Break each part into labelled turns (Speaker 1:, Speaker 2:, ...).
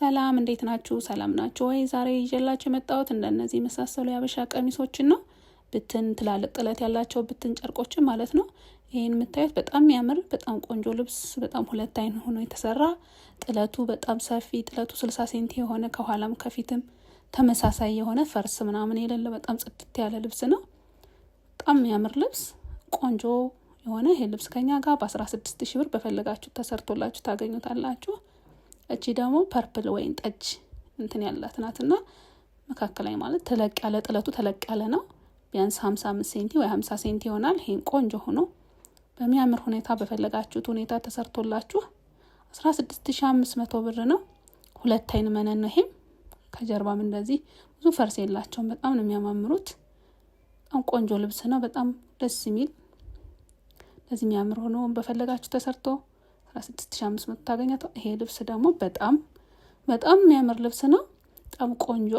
Speaker 1: ሰላም እንዴት ናችሁ? ሰላም ናችሁ ወይ? ዛሬ ይዤላችሁ የመጣሁት እንደነዚህ የመሳሰሉ የአበሻ ቀሚሶችን ነው። ብትን ትላልቅ ጥለት ያላቸው ብትን ጨርቆችን ማለት ነው። ይህን የምታዩት በጣም የሚያምር በጣም ቆንጆ ልብስ በጣም ሁለት አይን ሆኖ የተሰራ ጥለቱ በጣም ሰፊ ጥለቱ ስልሳ ሴንቲ የሆነ ከኋላም ከፊትም ተመሳሳይ የሆነ ፈርስ ምናምን የሌለ በጣም ጽድት ያለ ልብስ ነው። በጣም የሚያምር ልብስ ቆንጆ የሆነ ይህ ልብስ ከኛ ጋር በአስራ ስድስት ሺ ብር በፈለጋችሁ ተሰርቶላችሁ ታገኙታላችሁ። እቺ ደግሞ ፐርፕል ወይን ጠጅ እንትን ያላት ናት እና መካከላዊ ማለት ተለቅ ያለ ጥለቱ ተለቅ ያለ ነው። ቢያንስ ሀምሳ አምስት ሴንቲ ወይ ሀምሳ ሴንቲ ይሆናል። ይህን ቆንጆ ሆኖ በሚያምር ሁኔታ በፈለጋችሁት ሁኔታ ተሰርቶላችሁ አስራ ስድስት ሺ አምስት መቶ ብር ነው። ሁለት አይን መነን ነው። ይሄም ከጀርባም እንደዚህ ብዙ ፈርስ የላቸውም። በጣም ነው የሚያማምሩት። በጣም ቆንጆ ልብስ ነው። በጣም ደስ የሚል ለዚህ የሚያምር ሆኖ በፈለጋችሁ ተሰርቶ ስድስት ሺ አምስት መቶ ይሄ ልብስ ደግሞ በጣም በጣም የሚያምር ልብስ ነው። በጣም ቆንጆ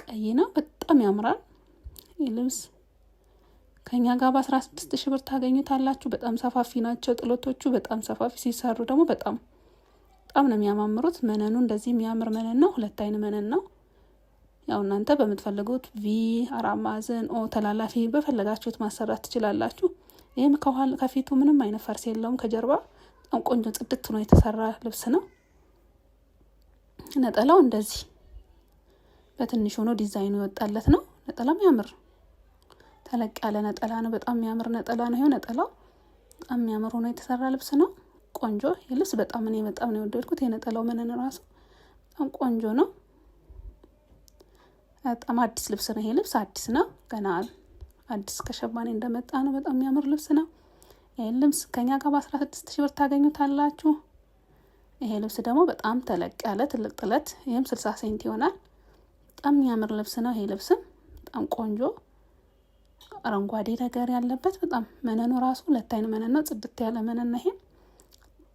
Speaker 1: ቀይ ነው። በጣም ያምራል። ይህ ልብስ ከኛ ጋር በአስራ ስድስት ሺ ብር ታገኙታላችሁ። በጣም ሰፋፊ ናቸው ጥለቶቹ። በጣም ሰፋፊ ሲሰሩ ደግሞ በጣም በጣም ነው የሚያማምሩት። መነኑ እንደዚህ የሚያምር መነን ነው። ሁለት አይን መነን ነው። ያው እናንተ በምትፈልጉት ቪ፣ አራት ማዕዘን፣ ኦ፣ ተላላፊ በፈለጋችሁት ማሰራት ትችላላችሁ። ይህም ከፊቱ ምንም አይነት ፈርስ የለውም ከጀርባ በጣም ቆንጆ ጽድት ነው የተሰራ ልብስ ነው። ነጠላው እንደዚህ በትንሽ ሆኖ ዲዛይኑ የወጣለት ነው። ነጠላ የሚያምር ተለቅ ያለ ነጠላ ነው። በጣም የሚያምር ነጠላ ነው። ይሄው ነጠላው በጣም የሚያምር ሆኖ የተሰራ ልብስ ነው። ቆንጆ ልብስ በጣም እኔ በጣም ነው የወደድኩት። የነጠላው መነን ራሱ በጣም ቆንጆ ነው። በጣም አዲስ ልብስ ነው። ይሄ ልብስ አዲስ ነው። ገና አዲስ ከሸማኔ እንደመጣ ነው። በጣም የሚያምር ልብስ ነው። ልብስ ከኛ ጋር በአስራ ስድስት ሺ ብር ታገኙታላችሁ። ይሄ ልብስ ደግሞ በጣም ተለቅ ያለ ትልቅ ጥለት፣ ይህም ስልሳ ሴንት ይሆናል። በጣም የሚያምር ልብስ ነው። ይሄ ልብስም በጣም ቆንጆ አረንጓዴ ነገር ያለበት በጣም መነኑ ራሱ ሁለት አይን መነን ነው፣ ጽድት ያለ መነን ነው። ይሄ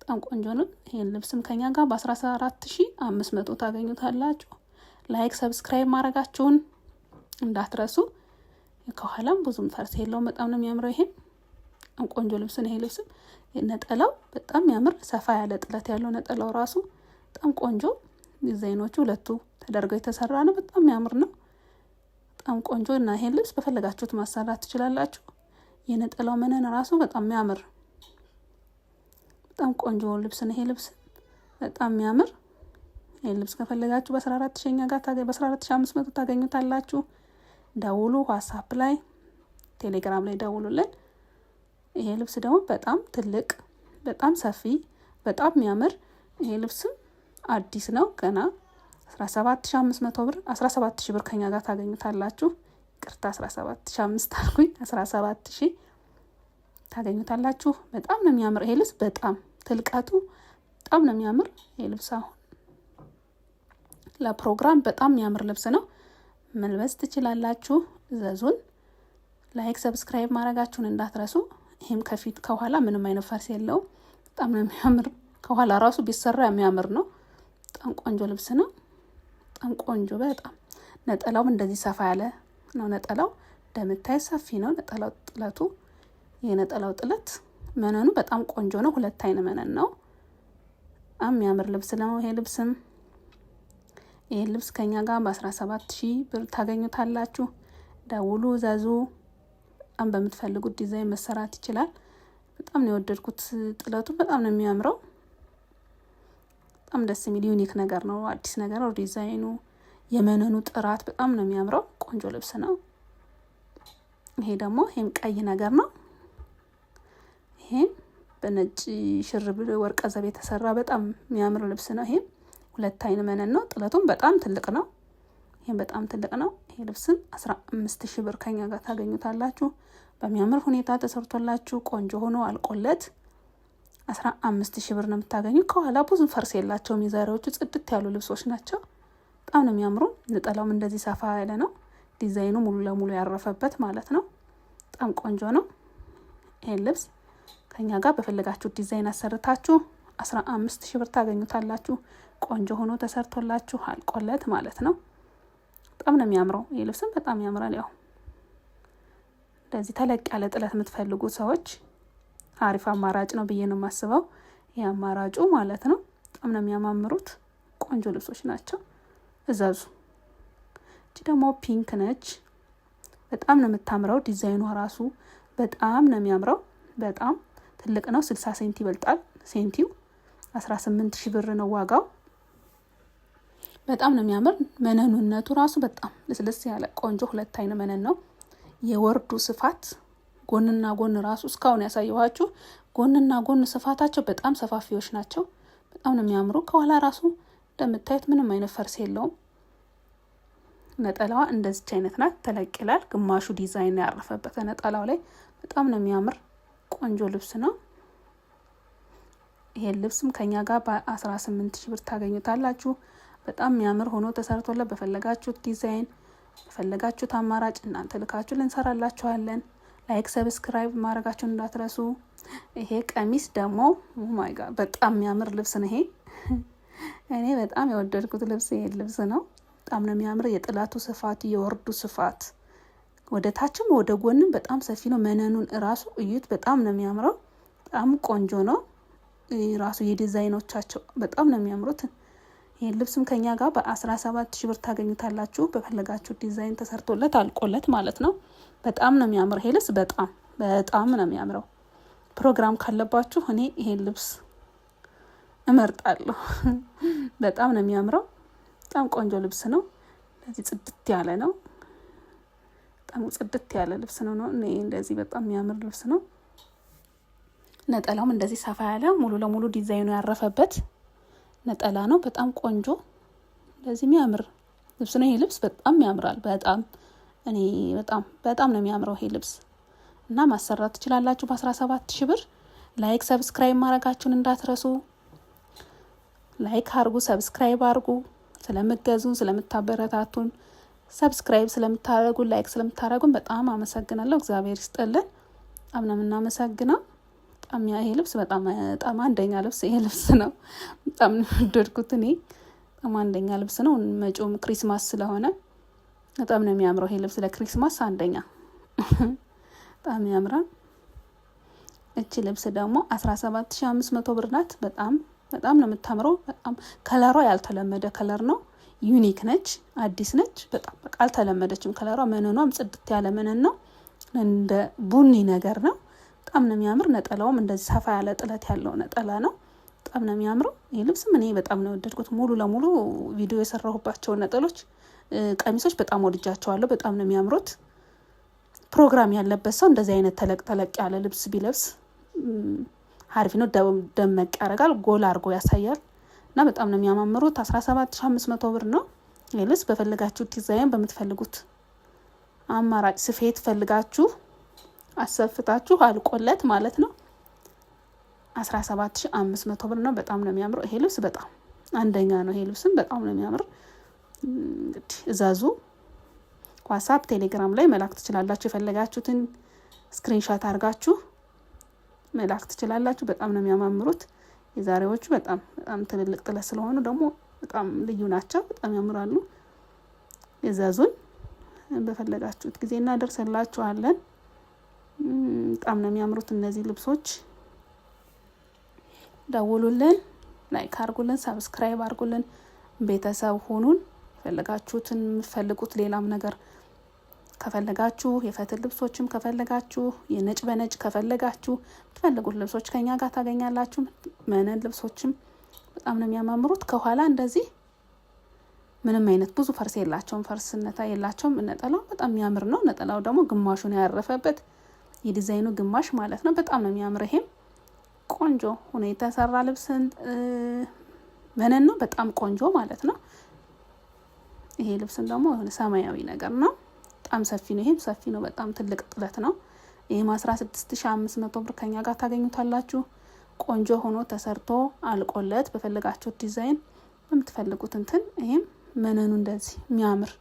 Speaker 1: በጣም ቆንጆ ነው። ይሄን ልብስም ከኛ ጋር በአስራ አራት ሺ አምስት መቶ ታገኙታላችሁ። ላይክ ሰብስክራይብ ማድረጋችሁን እንዳትረሱ። ከኋላም ብዙም ፈርስ የለውም። በጣም ነው የሚያምረው ይሄን በጣም ቆንጆ ልብስ ነው ይሄ ልብስም። ነጠላው በጣም ያምር ሰፋ ያለ ጥለት ያለው ነጠላው ራሱ በጣም ቆንጆ ዲዛይኖቹ ሁለቱ ተደርገው የተሰራ ነው። በጣም ያምር ነው። በጣም ቆንጆ እና ይሄን ልብስ በፈለጋችሁት ማሰራት ትችላላችሁ። የነጠላው መነን ራሱ በጣም ያምር በጣም ቆንጆ ልብስ ነው ይሄ ልብስ በጣም ያምር ይህን ልብስ ከፈለጋችሁ በ14 ሺኛ ጋር በ14 ሺ አምስት መቶ ታገኙታላችሁ። ደውሉ፣ ዋትሳፕ ላይ ቴሌግራም ላይ ደውሉልን። ይሄ ልብስ ደግሞ በጣም ትልቅ፣ በጣም ሰፊ፣ በጣም የሚያምር ይሄ ልብስም አዲስ ነው ገና 17500 ብር ብር ከኛ ጋር ታገኙታላችሁ። ቅርታ አምስት አልኩኝ፣ ሺ ታገኙታላችሁ። በጣም ነው የሚያምር ይሄ ልብስ በጣም ትልቀቱ በጣም ነው የሚያምር ይሄ ልብስ አሁን ለፕሮግራም በጣም የሚያምር ልብስ ነው። መልበስ ትችላላችሁ። ዘዙን ላይክ ሰብስክራይብ ማድረጋችሁን እንዳትረሱ። ይሄም ከፊት ከኋላ ምንም አይነት ፈርስ የለውም። በጣም ነው የሚያምር። ከኋላ ራሱ ቢሰራ የሚያምር ነው። በጣም ቆንጆ ልብስ ነው። በጣም ቆንጆ በጣም ነጠላውም እንደዚህ ሰፋ ያለ ነው። ነጠላው እንደምታይ ሰፊ ነው። ነጠላው ጥለቱ የነጠላው ጥለት መነኑ በጣም ቆንጆ ነው። ሁለት አይን መነን ነው። በጣም የሚያምር ልብስ ነው። ይሄ ልብስም ይሄ ልብስ ከኛ ጋር በ17 ሺህ ብር ታገኙታላችሁ። ደውሉ፣ ዘዙ። በጣም በምትፈልጉት ዲዛይን መሰራት ይችላል። በጣም ነው የወደድኩት። ጥለቱ በጣም ነው የሚያምረው። በጣም ደስ የሚል ዩኒክ ነገር ነው፣ አዲስ ነገር ነው። ዲዛይኑ የመነኑ ጥራት በጣም ነው የሚያምረው። ቆንጆ ልብስ ነው ይሄ። ደግሞ ይሄም ቀይ ነገር ነው። ይሄም በነጭ ሽር ብሎ ወርቀ ዘብ የተሰራ በጣም የሚያምር ልብስ ነው። ይሄም ሁለት አይን መነን ነው። ጥለቱም በጣም ትልቅ ነው። ይሄም በጣም ትልቅ ነው። ይህ ልብስም አስራ አምስት ሺህ ብር ከኛ ጋር ታገኙታላችሁ። በሚያምር ሁኔታ ተሰርቶላችሁ ቆንጆ ሆኖ አልቆለት አስራ አምስት ሺህ ብር ነው የምታገኙ። ከኋላ ብዙም ፈርስ የላቸውም። የዛሬዎቹ ጽድት ያሉ ልብሶች ናቸው። በጣም ነው የሚያምሩ። ነጠላውም እንደዚህ ሰፋ ያለ ነው። ዲዛይኑ ሙሉ ለሙሉ ያረፈበት ማለት ነው። በጣም ቆንጆ ነው። ይህን ልብስ ከኛ ጋር በፈለጋችሁ ዲዛይን አሰርታችሁ አስራ አምስት ሺህ ብር ታገኙታላችሁ። ቆንጆ ሆኖ ተሰርቶላችሁ አልቆለት ማለት ነው። በጣም ነው የሚያምረው። ይህ ልብስም በጣም ያምራል። ያው እንደዚህ ተለቅ ያለ ጥለት የምትፈልጉ ሰዎች አሪፍ አማራጭ ነው ብዬ ነው የማስበው። ይህ አማራጩ ማለት ነው። በጣም ነው የሚያማምሩት። ቆንጆ ልብሶች ናቸው። እዘዙ። እቺ ደግሞ ፒንክ ነች። በጣም ነው የምታምረው። ዲዛይኗ ራሱ በጣም ነው የሚያምረው። በጣም ትልቅ ነው። ስልሳ ሴንቲ ይበልጣል። ሴንቲው አስራ ስምንት ሺህ ብር ነው ዋጋው። በጣም ነው የሚያምር። መነኑነቱ ራሱ በጣም ልስልስ ያለ ቆንጆ ሁለት አይነ መነን ነው። የወርዱ ስፋት ጎንና ጎን ራሱ እስካሁን ያሳየኋችሁ ጎንና ጎን ስፋታቸው በጣም ሰፋፊዎች ናቸው። በጣም ነው የሚያምሩ። ከኋላ ራሱ እንደምታዩት ምንም አይነት ፈርስ የለውም። ነጠላዋ እንደዚች አይነት ናት። ተለቅ ይላል። ግማሹ ዲዛይን ያረፈበት ነጠላው ላይ በጣም ነው የሚያምር ቆንጆ ልብስ ነው። ይሄን ልብስም ከኛ ጋር በአስራ ስምንት ሺ ብር ታገኙታላችሁ። በጣም የሚያምር ሆኖ ተሰርቶለት በፈለጋችሁት ዲዛይን በፈለጋችሁት አማራጭ እናንተ ልካችሁ ልንሰራላችኋለን። ላይክ ሰብስክራይብ ማድረጋችሁን እንዳትረሱ። ይሄ ቀሚስ ደግሞ ማይጋ በጣም የሚያምር ልብስ ነው። ይሄ እኔ በጣም የወደድኩት ልብስ ይሄ ልብስ ነው። በጣም ነው የሚያምር። የጥላቱ ስፋት፣ የወርዱ ስፋት ወደ ታችም ወደ ጎንም በጣም ሰፊ ነው። መነኑን እራሱ እዩት። በጣም ነው የሚያምረው። በጣም ቆንጆ ነው። ራሱ የዲዛይኖቻቸው በጣም ነው የሚያምሩት። ይህ ልብስም ከኛ ጋር በአስራ ሰባት ሺ ብር ታገኙታላችሁ። በፈለጋችሁ ዲዛይን ተሰርቶለት አልቆለት ማለት ነው። በጣም ነው የሚያምር ይሄ ልብስ በጣም በጣም ነው የሚያምረው። ፕሮግራም ካለባችሁ እኔ ይሄን ልብስ እመርጣለሁ። በጣም ነው የሚያምረው። በጣም ቆንጆ ልብስ ነው። እንደዚህ ጽድት ያለ ነው። በጣም ጽድት ያለ ልብስ ነው ነው እንደዚህ በጣም የሚያምር ልብስ ነው። ነጠላውም እንደዚህ ሰፋ ያለ ሙሉ ለሙሉ ዲዛይኑ ያረፈበት ነጠላ ነው። በጣም ቆንጆ እንደዚህ የሚያምር ልብስ ነው። ይሄ ልብስ በጣም ያምራል። በጣም እኔ በጣም በጣም ነው የሚያምረው ይሄ ልብስ እና ማሰራት ትችላላችሁ በ17 ሺህ ብር። ላይክ ሰብስክራይብ ማድረጋችሁን እንዳትረሱ። ላይክ አርጉ፣ ሰብስክራይብ አርጉ። ስለምገዙን ስለምታበረታቱን ሰብስክራይብ ስለምታደረጉን ላይክ ስለምታደረጉን በጣም አመሰግናለሁ። እግዚአብሔር ይስጥልን። አምነምናመሰግነው በጣም ይሄ ልብስ በጣም በጣም አንደኛ ልብስ ይሄ ልብስ ነው። በጣም ወደድኩት እኔ በጣም አንደኛ ልብስ ነው። መጪውም ክሪስማስ ስለሆነ በጣም ነው የሚያምረው ይሄ ልብስ ለክሪስማስ አንደኛ በጣም ያምራል። እቺ ልብስ ደግሞ አስራ ሰባት ሺ አምስት መቶ ብር ናት። በጣም በጣም ነው የምታምረው። በጣም ከለሯ ያልተለመደ ከለር ነው። ዩኒክ ነች፣ አዲስ ነች። በጣም በቃ አልተለመደችም ከለሯ። መነኗም ጽድት ያለ መነን ነው። እንደ ቡኒ ነገር ነው። በጣም ነው የሚያምር። ነጠላውም እንደዚህ ሰፋ ያለ ጥለት ያለው ነጠላ ነው። በጣም ነው የሚያምረው። ይህ ልብስም እኔ በጣም ነው የወደድኩት። ሙሉ ለሙሉ ቪዲዮ የሰራሁባቸውን ነጠሎች፣ ቀሚሶች በጣም ወድጃቸዋለሁ። በጣም ነው የሚያምሩት። ፕሮግራም ያለበት ሰው እንደዚህ አይነት ተለቅ ተለቅ ያለ ልብስ ቢለብስ አሪፍ ነው። ደመቅ ያደርጋል፣ ጎላ አድርጎ ያሳያል እና በጣም ነው የሚያማምሩት። አስራ ሰባት ሺ አምስት መቶ ብር ነው ይህ ልብስ። በፈለጋችሁት ዲዛይን በምትፈልጉት አማራጭ ስፌት ፈልጋችሁ አሰፍታችሁ አልቆለት ማለት ነው። 17500 ብር ነው። በጣም ነው የሚያምረው ይሄ ልብስ በጣም አንደኛ ነው። ይሄ ልብስም በጣም ነው የሚያምር። እንግዲህ እዛዙ ዋትሳፕ፣ ቴሌግራም ላይ መላክ ትችላላችሁ። የፈለጋችሁትን ስክሪንሻት አድርጋችሁ መላክ ትችላላችሁ። በጣም ነው የሚያማምሩት። የዛሬዎቹ በጣም በጣም ትልልቅ ጥለት ስለሆኑ ደግሞ በጣም ልዩ ናቸው። በጣም ያምራሉ። የዛዙን በፈለጋችሁት ጊዜ እናደርሰላችኋለን። በጣም ነው የሚያምሩት እነዚህ ልብሶች። ደውሉልን፣ ላይክ አርጉልን፣ ሰብስክራይብ አርጉልን፣ ቤተሰብ ሁኑን። ፈለጋችሁትን የምትፈልጉት ሌላም ነገር ከፈለጋችሁ የፈትል ልብሶችም ከፈለጋችሁ የነጭ በነጭ ከፈለጋችሁ የምትፈልጉት ልብሶች ከኛ ጋር ታገኛላችሁ። መነን ልብሶችም በጣም ነው የሚያማምሩት። ከኋላ እንደዚህ ምንም አይነት ብዙ ፈርስ የላቸውም፣ ፈርስነታ የላቸውም። ነጠላው በጣም የሚያምር ነው። ነጠላው ደግሞ ግማሹን ያረፈበት የዲዛይኑ ግማሽ ማለት ነው። በጣም ነው የሚያምር። ይሄም ቆንጆ ሆኖ የተሰራ ልብስን መነን ነው። በጣም ቆንጆ ማለት ነው። ይሄ ልብስን ደግሞ የሆነ ሰማያዊ ነገር ነው። በጣም ሰፊ ነው። ይሄም ሰፊ ነው። በጣም ትልቅ ጥለት ነው። ይህም አስራ ስድስት ሺ አምስት መቶ ብር ከኛ ጋር ታገኙታላችሁ። ቆንጆ ሆኖ ተሰርቶ አልቆለት በፈለጋችሁት ዲዛይን በምትፈልጉት እንትን ይህም መነኑ እንደዚህ የሚያምር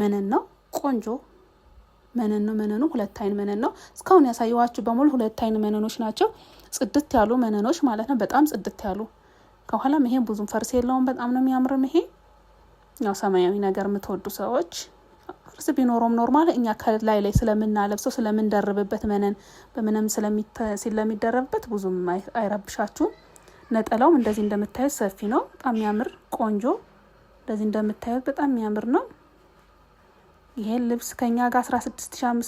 Speaker 1: መነን ነው። ቆንጆ መነን ነው። መነኑ ሁለት አይን መነን ነው። እስካሁን ያሳየዋችሁ በሙሉ ሁለት አይን መነኖች ናቸው። ጽድት ያሉ መነኖች ማለት ነው። በጣም ጽድት ያሉ ከኋላም ይሄ ብዙም ፈርስ የለውም። በጣም ነው የሚያምርም። ይሄ ያው ሰማያዊ ነገር የምትወዱ ሰዎች ፈርስ ቢኖረውም ኖርማል፣ እኛ ከላይ ላይ ስለምናለብሰው ስለምንደርብበት መነን በምንም ስለሚደረብበት ብዙም አይረብሻችሁም። ነጠላውም እንደዚህ እንደምታዩት ሰፊ ነው። በጣም የሚያምር ቆንጆ እንደዚህ እንደምታዩት በጣም የሚያምር ነው። ይሄን ልብስ ከኛ ጋር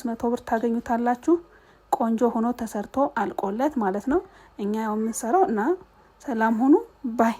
Speaker 1: መቶ ብር ታገኙታላችሁ። ቆንጆ ሆኖ ተሰርቶ አልቆለት ማለት ነው። እኛ ያው የምንሰራው እና ሰላም ሁኑ ባይ